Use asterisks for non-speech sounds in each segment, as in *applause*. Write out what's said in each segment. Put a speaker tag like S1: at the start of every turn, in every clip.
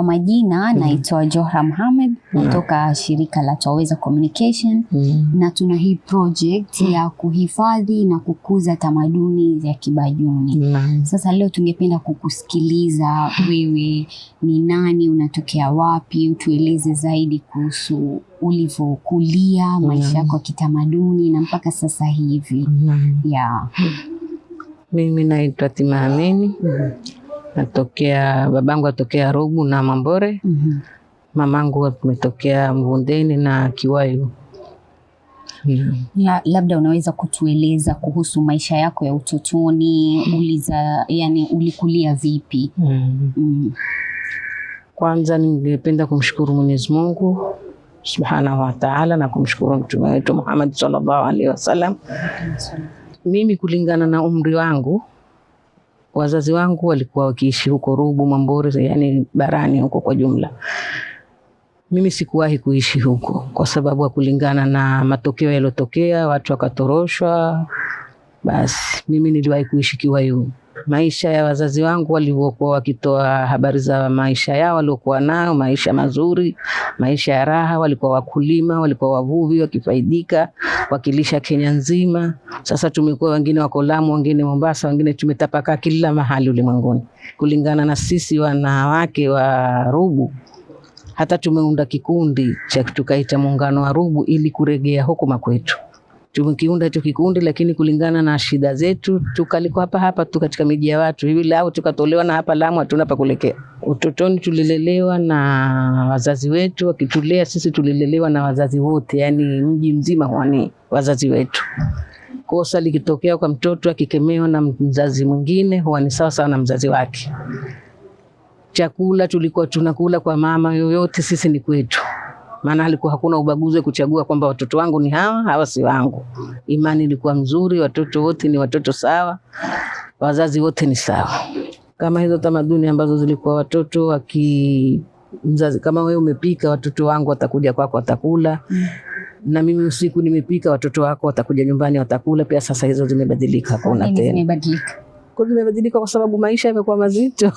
S1: kwa majina mm. naitwa Johra Mohamed mm. natoka shirika la Twaweza Communication mm. na tuna hii project mm. ya kuhifadhi na kukuza tamaduni za Kibajuni mm. Sasa leo tungependa kukusikiliza wewe, ni nani, unatokea wapi, utueleze zaidi kuhusu ulivyokulia, maisha yako ya kitamaduni na mpaka sasa hivi mm. ya yeah.
S2: Mimi naitwa Timamini mm natokea babangu atokea Rubu na Mambore mm -hmm. mamangu ametokea Mvundeni na Kiwayu
S1: mm. La, labda unaweza kutueleza kuhusu maisha yako ya utotoni uliza, yani ulikulia vipi? mm. Mm.
S2: Kwanza ningependa kumshukuru Mwenyezi Mungu Subhanahu wa Ta'ala na kumshukuru mtume wetu Muhammad sallallahu alaihi wasallam. Mimi kulingana na umri wangu Wazazi wangu walikuwa wakiishi huko Rubu, Mambore, yani barani huko kwa jumla. Mimi sikuwahi kuishi huko kwa sababu ya kulingana na matokeo yaliyotokea, watu wakatoroshwa. Basi mimi niliwahi kuishi Kiwayu maisha ya wazazi wangu walivyokuwa wakitoa habari za maisha yao waliokuwa nayo, maisha mazuri, maisha ya raha. Walikuwa wakulima, walikuwa wavuvi, wakifaidika, wakilisha Kenya nzima. Sasa tumekuwa wengine wako Lamu, wengine Mombasa, wengine tumetapakaa kila mahali ulimwenguni, kulingana na sisi wanawake wa Rubu hata tumeunda kikundi cha tukaita muungano wa Rubu ili kuregea huko makwetu tumekiunda hicho kikundi, lakini kulingana na shida zetu tukaliko hapa hapa tu katika miji ya watu hivi, lao tukatolewa na hapa Lamu, hatuna pa kuelekea. Utotoni tulilelewa na wazazi wetu wakitulea sisi, tulilelewa na wazazi wote, yani mji mzima huwani wazazi wetu. Kosa likitokea kwa mtoto akikemewa na mzazi mwingine huwa ni sawa sawa na mzazi wake. Chakula tulikuwa tunakula kwa mama, yoyote sisi ni kwetu maana alikuwa hakuna ubaguzi wa kuchagua kwamba watoto wangu ni hawa, hawa si wangu. Imani ilikuwa mzuri, watoto wote ni watoto sawa, wazazi wote ni sawa. Kama hizo tamaduni ambazo zilikuwa watoto waki mzazi kama wewe umepika, watoto wangu watakuja kwako watakula Na mimi usiku nimepika, watoto wako watakuja nyumbani watakula pia. Sasa hizo zimebadilika, kuna tena zimebadilika kwa sababu maisha yamekuwa mazito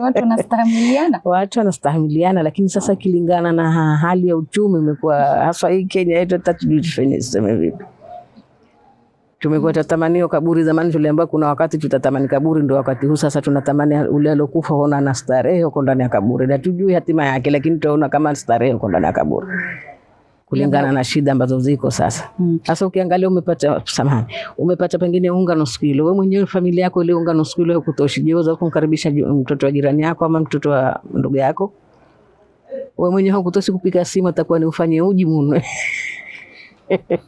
S1: watu wanastahamiliana
S2: *laughs* watu wanastahimiliana, lakini sasa kilingana na hali ya uchumi imekuwa hasa hii Kenya yetu, hata tujui tufanye vipi. Tumekuwa tutatamaniwa kaburi. Zamani tuliambiwa kuna wakati tutatamani kaburi, ndio wakati huu sasa tunatamani ule alokufa, ona na starehe huko ndani ya kaburi, na tujui hatima yake, lakini tunaona kama starehe huko ndani ya kaburi kulingana na shida ambazo ziko sasa. Mm. Sasa mm. ukiangalia umepata samani, umepata pengine unga nusu kilo, wewe mwenyewe familia yako ile unga nusu kilo hakutoshi, je, unaweza kumkaribisha mtoto wa jirani yako ama mtoto wa ndugu yako? Wewe mwenyewe hakutoshi kupika sima, atakuwa ni ufanye uji munwe.
S1: *laughs*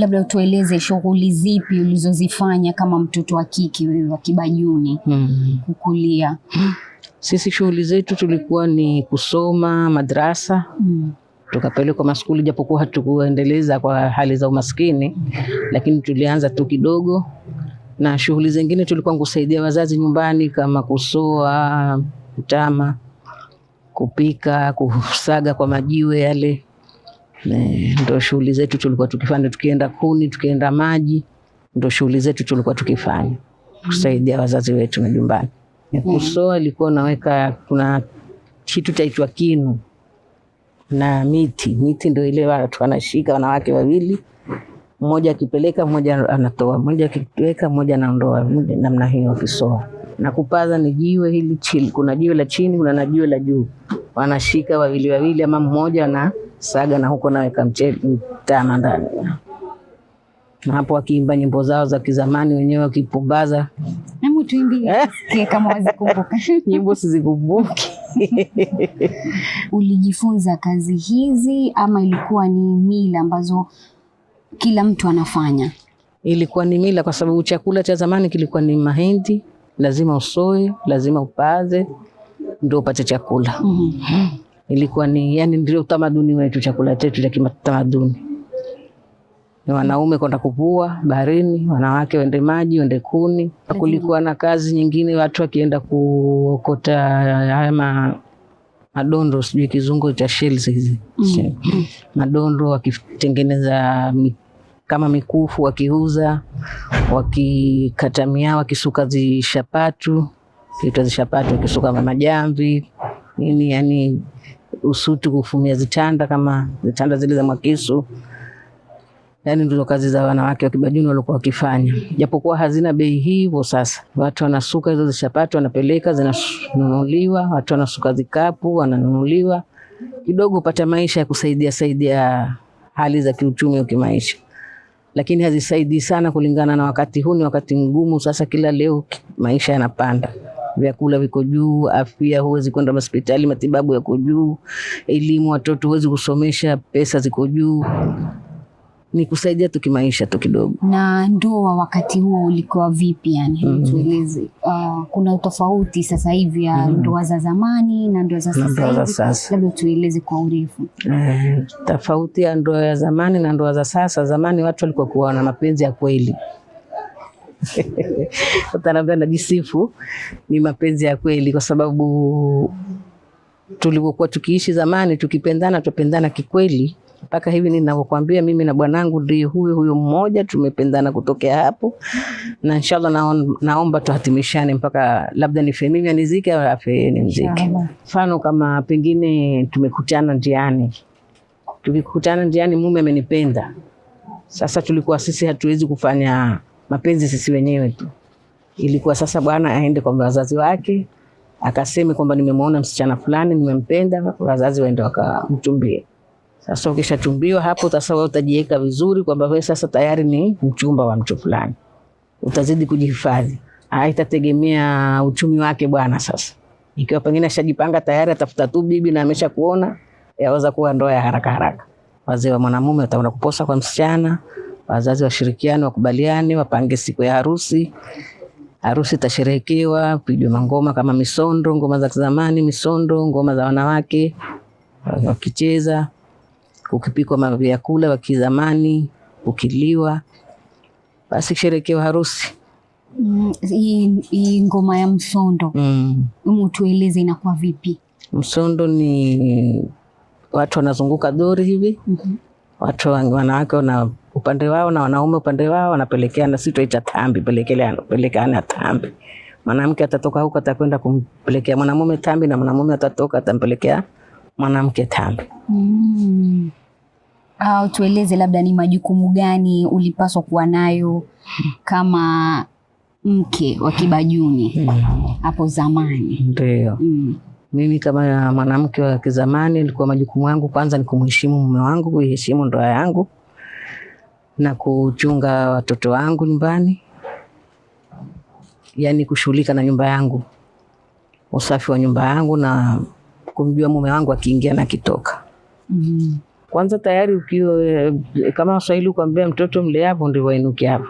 S1: Labda utueleze shughuli zipi ulizozifanya kama mtoto wa kike wewe wa Kibajuni mm. kukulia?
S2: Sisi shughuli zetu tulikuwa ni kusoma madrasa mm tukapelekwa maskuli, japokuwa hatukuendeleza kwa hali za umaskini, lakini tulianza tu kidogo na shughuli zingine tulikuwa kusaidia wazazi nyumbani kama kusoa mtama, kupika, kusaga kwa majiwe yale. Ndo shughuli zetu tulikuwa tukifanya, tukienda kuni, tukienda maji, ndo shughuli zetu tulikuwa tukifanya kusaidia wazazi wetu nyumbani. Kusoa ilikuwa naweka, kuna kitu chaitwa kinu na miti. Miti ndio ile watu wanashika, wanawake wawili, mmoja akipeleka, mmoja anatoa, mmoja akiweka, mmoja anaondoa, namna hiyo wakisoa. Na kupaza ni jiwe hili chini, kuna jiwe la chini, kuna na jiwe la juu, wanashika wawili wawili, ama mmoja na saga na huko naweka mchele tama ndani na hapo wakiimba nyimbo zao za kizamani wenyewe wakipumbaza,
S1: hebu tuimbie eh? kama wazikumbuka. *laughs*
S2: Nyimbo sizikumbuki
S1: *laughs* Ulijifunza kazi hizi ama ilikuwa ni mila ambazo kila mtu anafanya?
S2: Ilikuwa ni mila, kwa sababu chakula cha zamani kilikuwa ni mahindi, lazima usoe, lazima upaze ndio upate chakula. mm -hmm. Ilikuwa ni yani, ndio utamaduni wetu, chakula chetu cha kitamaduni ni wanaume kwenda kuvua baharini, wanawake wende maji, wende kuni. Kulikuwa na kazi nyingine, watu wakienda kuokota haya madondo, sijui kizungu cha shells hizi mm. madondo, wakitengeneza kama mikufu, wakiuza, wakikata wakisuka zishapatu, kitwa zishapatu, wakisuka majamvi nini, yani usutu, kufumia zitanda kama zitanda zile za Mwakisu yani ndizo kazi za wanawake wa Kibajuni walikuwa wakifanya, japokuwa hazina bei hivyo. Sasa watu wanasuka hizo zishapatwa, wanapeleka, zinanunuliwa, watu wanasuka zikapu, wananunuliwa kidogo, pata maisha ya kusaidia saidia hali za kiuchumi wa kimaisha, lakini hazisaidii sana kulingana na wakati huu. Ni wakati mgumu sasa, kila leo maisha yanapanda, vyakula viko juu, afya, huwezi kwenda hospitali, matibabu yako juu, elimu watoto huwezi kusomesha, pesa ziko juu ni kusaidia tu kimaisha tu kidogo.
S1: Na ndoa wakati huo ulikuwa vipi? Yani mm. tueleze, uh, kuna tofauti sasa hivi ya mm. ndoa za zamani na ndoa za sasa, labda tueleze kwa urefu
S2: mm. tofauti ya ndoa ya zamani na ndoa za sasa. Zamani watu walikuwa kuona mapenzi ya kweli *laughs* na najisifu, ni mapenzi ya kweli kwa sababu tulivyokuwa tukiishi zamani, tukipendana tupendana kikweli mpaka hivi ninavyokuambia, mimi na bwanangu ndiye huyo huyo mmoja, tumependana kutokea hapo, na inshallah naon, naomba tuhatimishane mpaka labda nife mimi anizike au afe ni mzike. Mfano kama pengine tumekutana njiani, tukikutana njiani mume amenipenda sasa, tulikuwa sisi hatuwezi kufanya mapenzi sisi wenyewe tu, ilikuwa sasa bwana aende kwa wazazi wake akaseme kwamba nimemwona msichana fulani nimempenda, wazazi waende wakamtumbie sasa ukishachumbiwa hapo, sasa wewe utajiweka vizuri kwamba wewe sasa tayari ni mchumba wa mtu fulani, utazidi kujihifadhi. Haitategemea ah, uchumi wake bwana. Sasa ikiwa pengine ashajipanga tayari, atafuta tu bibi na amesha kuona, yaweza kuwa ndoa ya haraka haraka. Wazee wa mwanamume wataona kuposa kwa msichana, wazazi washirikiane, wakubaliane, wapange siku ya harusi. Harusi itasherehekewa, pigwe mangoma kama misondo, ngoma za kizamani, misondo, ngoma za wanawake wakicheza ukipikwa vyakula wa kizamani ukiliwa, basi sherekeo harusi.
S1: Mm, hii mm, ngoma ya msondo mm, mutueleze inakuwa vipi?
S2: Msondo ni watu wanazunguka dori hivi mm -hmm. Watu wanawake wana upande wao na wanaume upande wao, wanapelekeana, si twaita tambi, pelekana tambi. Mwanamke atatoka huko atakwenda kumpelekea mwanamume tambi, na mwanamume atatoka atampelekea mwanamke tano. Mm.
S1: Au ah, tueleze labda ni majukumu gani ulipaswa kuwa nayo kama mke wa Kibajuni hapo mm. zamani?
S2: Ndio. Mm. Mimi kama mwanamke wa kizamani, ilikuwa majukumu yangu kwanza ni kumheshimu mume wangu, kuiheshimu ndoa yangu na kuchunga watoto wangu nyumbani, yaani kushughulika na nyumba yangu, usafi wa nyumba yangu na kumjua mume wangu akiingia na kitoka. Mm. Mm-hmm. Kwanza tayari ukiwa eh, kama Waswahili ukwambia mtoto mle hapo ndio wainuke hapo.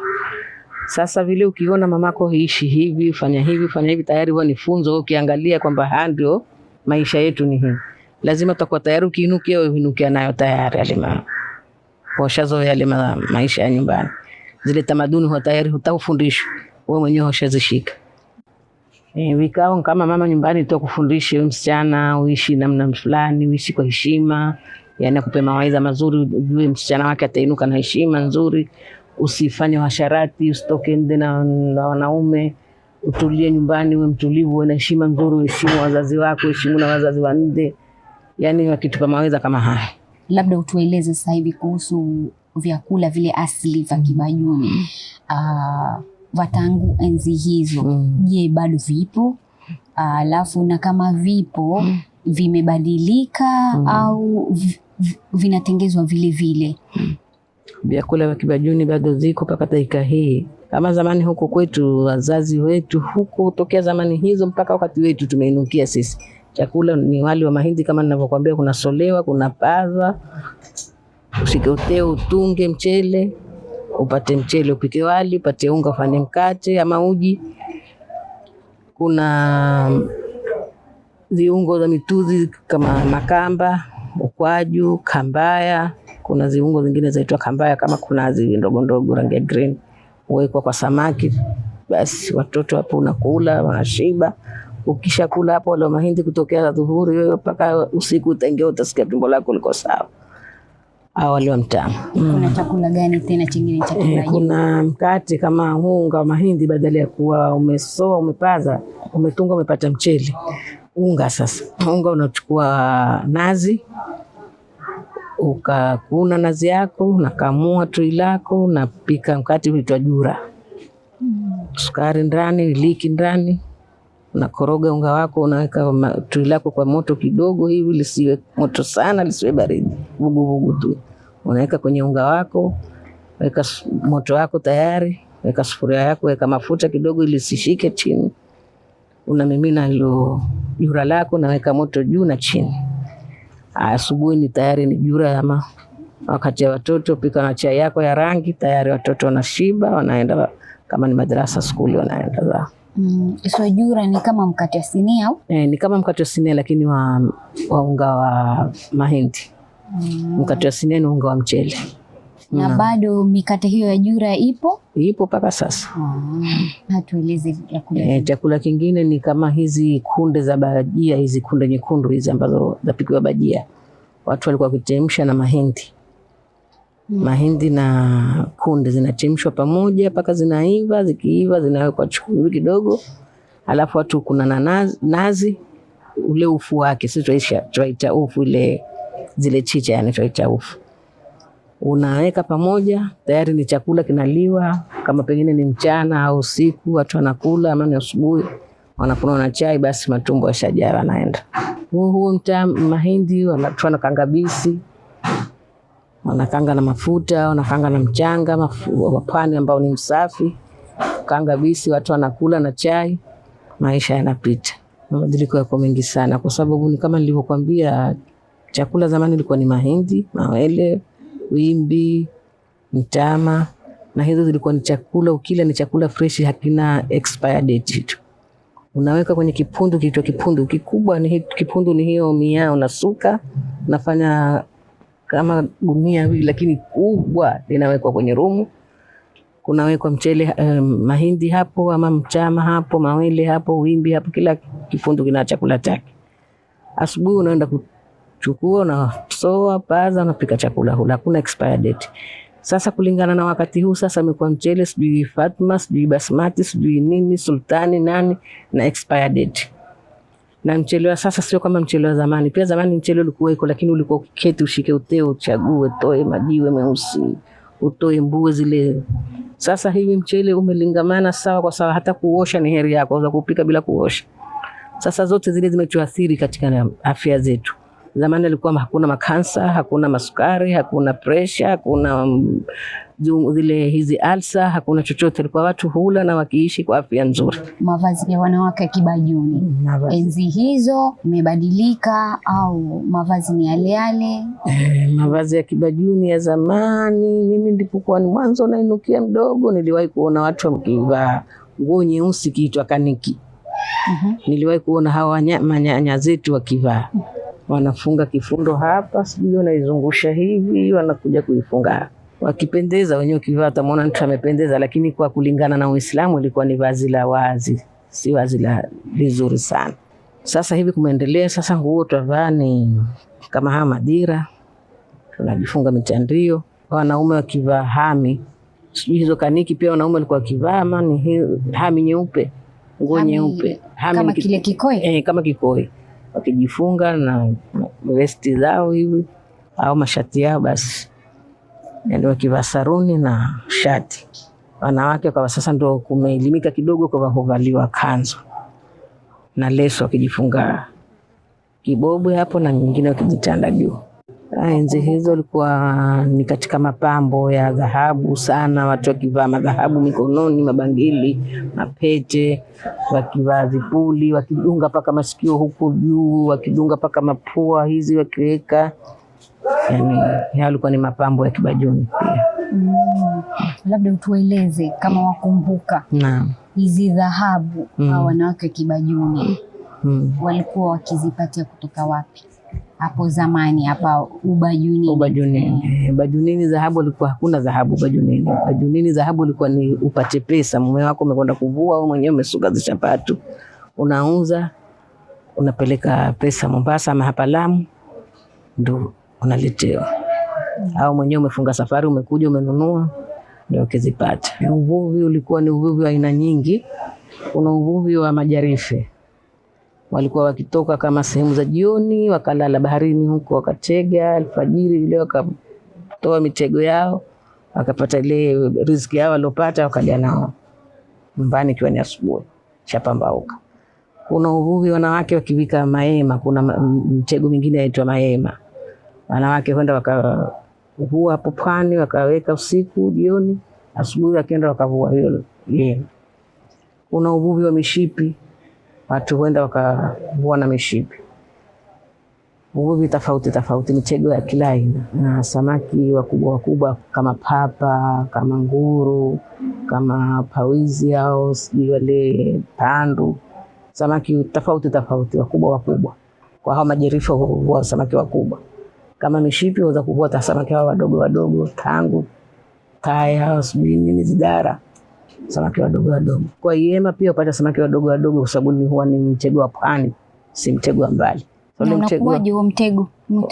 S2: Sasa vile ukiona mamako hiishi hivi, fanya hivi, fanya hivi, tayari huwa ni funzo. Ukiangalia kwamba haya ndio maisha yetu ni hivi, lazima utakuwa tayari ukiinukia, uinukia nayo tayari alima washazoea yale maisha ya nyumbani, zile tamaduni huwa tayari hutafundishwa. wewe mwenyewe, washazishika. E, vikao kama mama nyumbani tu kufundishe msichana uishi namna fulani, uishi kwa heshima, yani akupe mawaidha mazuri, ujue msichana wake atainuka na heshima nzuri, usifanye washarati, usitoke nje na, na wanaume, utulie nyumbani, uwe mtulivu, uwe na heshima nzuri, uheshimu wazazi wako, uheshimu na wazazi wa nje, yani wakitupa mawaidha kama haya.
S1: Labda utueleze sasa hivi kuhusu vyakula vile asili vya Kibajuni. mm uh, vatangu enzi hizo, mm. je, mm. bado vipo? Alafu na kama vipo mm. vimebadilika mm. au vinatengezwa vile vile mm.
S2: vyakula vya kibajuni bado ziko mpaka dakika hii kama zamani huko kwetu, wazazi wetu huko tokea zamani hizo mpaka wakati wetu tumeinukia sisi. Chakula ni wali wa mahindi kama ninavyokuambia, kuna solewa, kuna paza, usikoteo, utunge mchele upate mchele upike wali, upate unga ufanye mkate ama uji. Kuna mm, viungo za mituzi kama makamba, ukwaju, kambaya. Kuna viungo zingine zaitwa kambaya, kama kuna zile ndogo ndogo rangi ya green, huwekwa kwa samaki. Basi watoto hapo unakula wanashiba. Ukisha kula hapo wale mahindi kutokea dhuhuri wewe mpaka usiku utaingia, utasikia tumbo lako liko sawa au wali wa mtama.
S1: Kuna mm. chakula gani tena chingine cha eh, kula?
S2: Kuna mkate kama unga wa mahindi, badala ya kuwa umesoa umepaza umetunga umepata mchele unga. Sasa unga unachukua nazi ukakuna nazi yako nakamua tui lako, napika mkate uitwa jura, mm. sukari ndani, iliki ndani unakoroga unga wako, unaweka tui lako kwa moto kidogo hivi, lisiwe moto sana, lisiwe baridi, vuguvugu tu. Unaweka kwenye unga wako, weka moto wako tayari, weka sufuria yako, weka mafuta kidogo ili sishike chini. Unamimina hilo jura lako, naweka moto juu na chini. Asubuhi ni tayari ni jura, ama wakati ya watoto pika na chai yako ya rangi tayari, watoto wanashiba, wanaenda kama ni madrasa skuli, wanaenda zao.
S1: Mm, swajura ni kama mkate wa sinia au?
S2: Eh, ni kama mkate wa sinia lakini wa, wa unga wa mahindi. Mm. Mkate wa sinia ni unga wa mchele.
S1: Na mm. bado mikate hiyo ya jura ipo?
S2: Ipo mpaka sasa. Mm.
S1: Ah, chakula. Eh,
S2: chakula kingine ni kama hizi kunde za bajia, hizi kunde nyekundu hizi ambazo zapikiwa bajia. Watu walikuwa wakichemsha na mahindi mahindi na kunde zinachemshwa pamoja mpaka zinaiva. Zikiiva zinawekwa chumvi kidogo, alafu watu kuna na nazi, nazi ule ufu wake sisi twaita ufu ile zile chicha, yani twaita ufu, unaweka pamoja, tayari ni chakula kinaliwa. Kama pengine ni mchana au usiku, watu wanakula, ama ni asubuhi wanakunywa na chai, basi matumbo yashajaa, wanaenda huu huu mtaa mahindi, wanakanga bisi wanakanga na mafuta, wanakanga na mchanga mafu, wapwani ambao ni msafi, kanga bisi, watu wanakula na chai, maisha yanapita. Mabadiliko yako mengi sana, kwa sababu ni kama nilivyokuambia, chakula zamani ilikuwa ni mahindi, mawele, wimbi, mtama, na hizo zilikuwa ni chakula, ukila ni chakula fresh, hakina expired date tu unaweka kwenye kipundu, kichwa kipundu kikubwa ni kipundu, ni hiyo miaa, unasuka nafanya kama gunia hivi, lakini kubwa linawekwa kwenye rumu, kunawekwa mchele eh, mahindi hapo ama mchama hapo, mawele hapo, wimbi hapo, kila kifundu kina chakula chake. Asubuhi unaenda kuchukua, unasoa paza, unapika chakula, hula, hakuna expired date. Sasa kulingana na wakati huu sasa amekuwa mchele sijui Fatma sijui basmati sijui nini sultani nani na expired date na mchele wa sasa sio kama mchele wa zamani. Pia zamani mchele ulikuweko, lakini ulikuwa ukiketi ushike uteo, uchague, toe majiwe meusi, utoe mbue zile. Sasa hivi mchele umelingamana sawa kwa sawa, hata kuosha ni heri yako, za kupika bila kuosha. Sasa zote zile zimetuathiri katika afya zetu. Zamani alikuwa hakuna makansa, hakuna masukari, hakuna presha, hakuna mm, zile hizi alsa, hakuna chochote. Alikuwa watu hula na wakiishi kwa afya nzuri.
S1: Mavazi ya wanawake Kibajuni mm, enzi hizo imebadilika au mavazi ni yale yale?
S2: Eh, mavazi ya Kibajuni ya zamani, mimi ndipokuwa ni mwanzo nainukia mdogo, niliwahi kuona watu wakivaa nguo nyeusi kiitwa kaniki. mm -hmm. Niliwahi kuona hawa wanyama nyanya zetu wakivaa mm -hmm wanafunga kifundo hapa, sijui wanaizungusha hivi, wanakuja kuifunga hapa. Wakipendeza wenyewe, ukivaa utamwona mtu amependeza, lakini kwa kulingana na Uislamu ilikuwa ni vazi la wazi, si vazi la vizuri sana. Sasa hivi kumeendelea, sasa nguo twavaa ni kama haya madira, tunajifunga mitandio. Wanaume wakivaa hami, sijui hizo kaniki, pia wanaume walikuwa wakivaa ama ni hami nyeupe, nguo nyeupe,
S1: hami kama kile kikoi,
S2: eh, kama kikoi wakijifunga na vesti zao hivi au mashati yao, basi yani wakivaa saruni na shati. Wanawake kwa sasa ndo kumeelimika kidogo kwa kuvaliwa kanzu na leso, wakijifunga kibobwe hapo na nyingine wakijitanda juu. Ah, enzi hizo ilikuwa ni katika mapambo ya dhahabu sana, watu wakivaa madhahabu mikononi, mabangili, mapete, wakivaa vipuli, wakidunga mpaka masikio huku juu, wakidunga mpaka mapua hizi wakiweka. Yani hayo alikuwa ni mapambo ya Kibajuni pia. Mm.
S1: Labda utueleze kama wakumbuka, naam, hizi dhahabu mm. wanawake Kibajuni mm. walikuwa wakizipatia kutoka wapi? hapo zamani hapa Ubajunini.
S2: Ubajunini, eh, Bajunini dhahabu ilikuwa hakuna dhahabu Bajunini. Bajunini dhahabu ilikuwa ni upate pesa, mume wako umekwenda kuvua, wewe mwenyewe umesuka zishapatu unauza unapeleka pesa Mombasa ama hapa Lamu, ndo unaletewa mm. au mwenyewe umefunga safari, umekuja umenunua, ndio ukizipata. Uvuvi ulikuwa ni uvuvi wa aina nyingi, kuna uvuvi wa majarife walikuwa wakitoka kama sehemu za jioni, wakalala baharini huko, wakatega alfajiri ile, wakatoa mitego yao, wakapata ile riziki yao waliopata, wakaja nao nyumbani, ikiwa ni asubuhi chapambauka. Kuna uvuvi wanawake wakivika mahema, kuna mtego mingine inaitwa mahema, wanawake kwenda wakavua hapo pwani, wakaweka usiku, jioni, asubuhi wakaenda wakavua hiyo. Kuna uvuvi wa mishipi watu huenda wakavua na mishipi, uvuvi tofauti tofauti, mitego ya kila aina na samaki wakubwa wakubwa kama papa, kama nguru, kama pawizi au sijui wale pandu, samaki tofauti tofauti wakubwa wakubwa. Kwa hao majerifu huvua samaki wakubwa, kama mishipi waweza kuvua samaki hao wadogo wadogo, tangu, kaya, sijui nini, zidara samaki wadogo wadogo. Kwa yema pia upata samaki wadogo wadogo, kwa sababu ni huwa ni mtego wa pwani, si mtego wa mbali.
S1: Mtego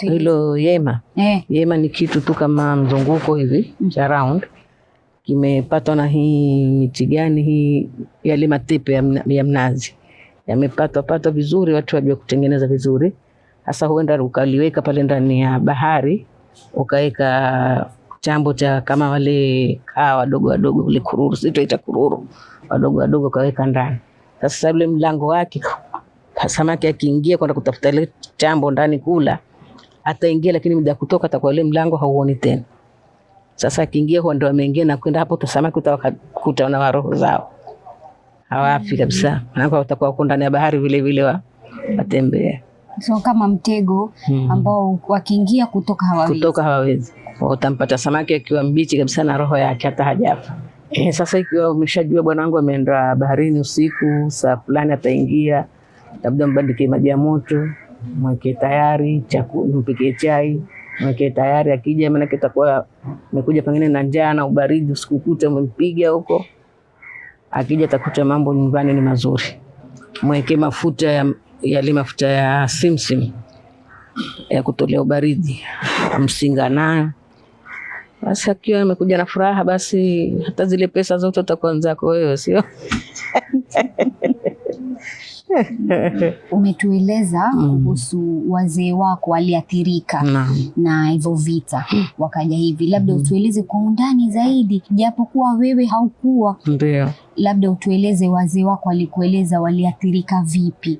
S2: hilo Yema eh. Yema ni kitu tu kama mzunguko hivi mm. cha round kimepatwa na hii miti gani hii, yale matepe ya, ya mnazi yamepatwa patwa vizuri, watu wajua kutengeneza vizuri. hasa huenda ukaliweka pale ndani ya bahari ukaweka chambo cha kama wale hawa wadogo wadogo, ule kururu, sitoita kururu, wadogo wadogo kaweka ndani. Sasa ule mlango wake samaki akiingia kwenda kutafuta ile chambo ndani kula, ataingia lakini muda kutoka atakuwa ile mlango hauoni tena. Sasa akiingia huwa ndio ameingia na kwenda hapo, tusamaki utawakuta na roho zao hawafi kabisa, maana watakuwa huko ndani ya bahari vile vile wa watembea,
S1: so kama mtego hmm. ambao wakiingia kutoka hawawezi
S2: kutoka hawawezi utampata samaki akiwa mbichi kabisa na roho yake hata hajafa. E, sasa ikiwa umeshajua bwana wangu ameenda baharini usiku saa fulani ataingia, labda mbandike maji ya moto, mweke tayari chakula, mpikie chai mweke tayari. Akija maanake takuwa amekuja pengine na njaa na ubaridi, usikukute umempiga huko. Akija takuta mambo nyumbani ni mazuri. Mweke mafuta ya yale mafuta ya simsim ya kutolea ubaridi, amsinga nayo basi akiwa amekuja na furaha, basi hata zile pesa zote utakuwa zako wewe, sio?
S1: Umetueleza mm. kuhusu mm. wazee wako waliathirika na, na hivyo vita wakaja hivi, labda mm. utueleze kwa undani zaidi, japokuwa wewe haukuwa. Ndio, labda utueleze wazee wako walikueleza waliathirika vipi?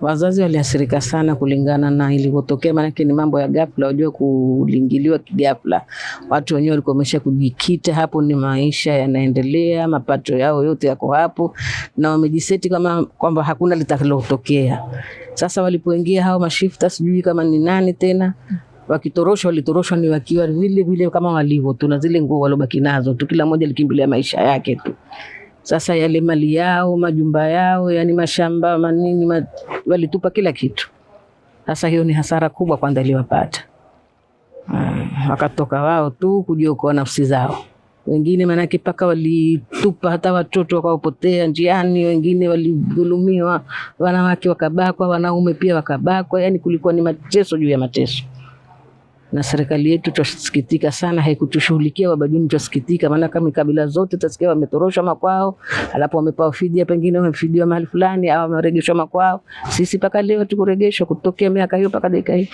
S2: wazazi waliathirika sana kulingana na ilivyotokea, maanake ni mambo ya ghafla, wajua kulingiliwa kighafla. Watu wenyewe walikuwa wamesha kujikita hapo, ni maisha yanaendelea, mapato yao yote yako hapo, na wamejiseti kama kwamba hakuna litakalotokea. Sasa walipoingia hao mashifta, sijui kama ni nani tena wakitoroshwa walitoroshwa ni wakiwa vile vile kama walivyo, tuna zile nguo walobaki nazo tu, kila mmoja likimbilia maisha yake tu. Sasa yale mali yao, majumba yao, yani mashamba manini ma, walitupa kila kitu. Sasa hiyo ni hasara kubwa kwanza iliwapata. Hmm, wakatoka wao tu kujiokoa nafsi zao wengine maanake mpaka walitupa hata watoto wakaopotea njiani, wengine walidhulumiwa, wanawake wakabakwa, wanaume pia wakabakwa. Yani kulikuwa ni mateso juu ya mateso na serikali yetu twasikitika sana, haikutushughulikia Wabajuni, twasikitika. Maana kama kabila zote tasikia wametoroshwa makwao, alafu wamepewa fidia, pengine wamefidiwa mahali fulani au wameregeshwa makwao. Sisi mpaka leo tukuregeshwa kutokea miaka hiyo mpaka dakika hii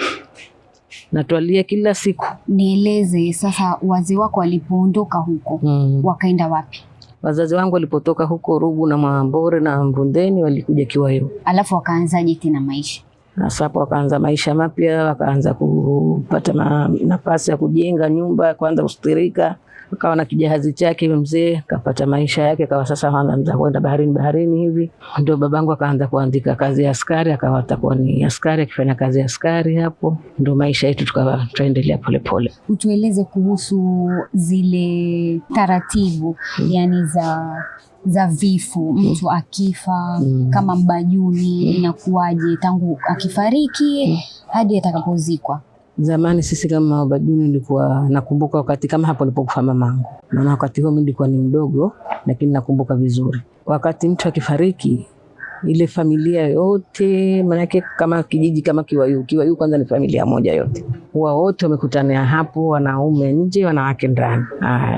S2: natwalia kila siku.
S1: Nieleze sasa, wazee wako walipoondoka huko mm, wakaenda wapi?
S2: Wazazi wangu walipotoka huko Rubu na Mambore na Mvundeni walikuja Kiwayo.
S1: Alafu wakaanzaje tena maisha?
S2: na sapo wakaanza maisha mapya, wakaanza kupata nafasi ya kujenga nyumba, kwanza kustirika, akawa na kijahazi chake mzee, kapata maisha yake, akawa sasa anaanza kwenda baharini baharini hivi. Ndio babangu akaanza kuandika kazi ya askari, akawa atakuwa ni askari, akifanya kazi ya askari hapo. Ndio maisha yetu tukawa tuendelea polepole.
S1: Utueleze kuhusu zile taratibu, yani za za vifo mtu akifa mm. kama Mbajuni inakuwaje tangu akifariki hadi atakapozikwa?
S2: Zamani sisi kama Wabajuni nilikuwa nakumbuka wakati kama hapo alipokufa mamangu, maana wakati huo mimi nilikuwa ni mdogo, lakini nakumbuka vizuri wakati mtu akifariki ile familia yote maanake, kama kijiji kama Kiwayu, Kiwayu kwanza ni familia moja yote, huwa wote wamekutana hapo, wanaume nje, wanawake ndani.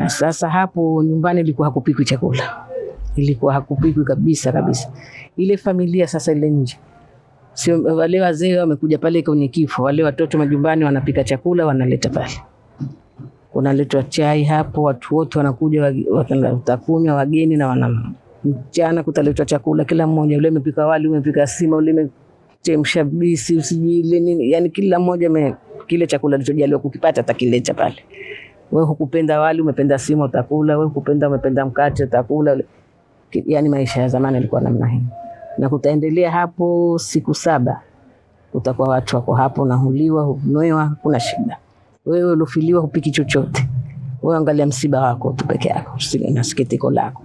S2: sasa hapo nyumbani ilikuwa hakupikwi chakula ilikuwa hakupigwi kabisa kabisa. Ile familia sasa ile nje sio wale wazee wamekuja pale kwenye kifo, wale watoto majumbani wanapika chakula wanaleta pale, unaletwa chai hapo, watu wote wanakuja, watakunywa wageni na wana mchana, kutaletwa chakula, kila mmoja yule amepika wali, umepika sima, yule amechemsha bisi, usijui nini, yani kila mmoja me, kile chakula alichojaliwa kukipata atakileta pale. Wewe hukupenda wali, umependa sima, utakula. Wewe hukupenda, umependa mkate, utakula yani maisha ya zamani yalikuwa namna hii, na kutaendelea hapo siku saba, utakuwa watu wako hapo, nahuliwa hunoewa, hakuna shida. Wewe ulofiliwa hupiki chochote, wewe angalia msiba wako tu peke yako, sikitiko lako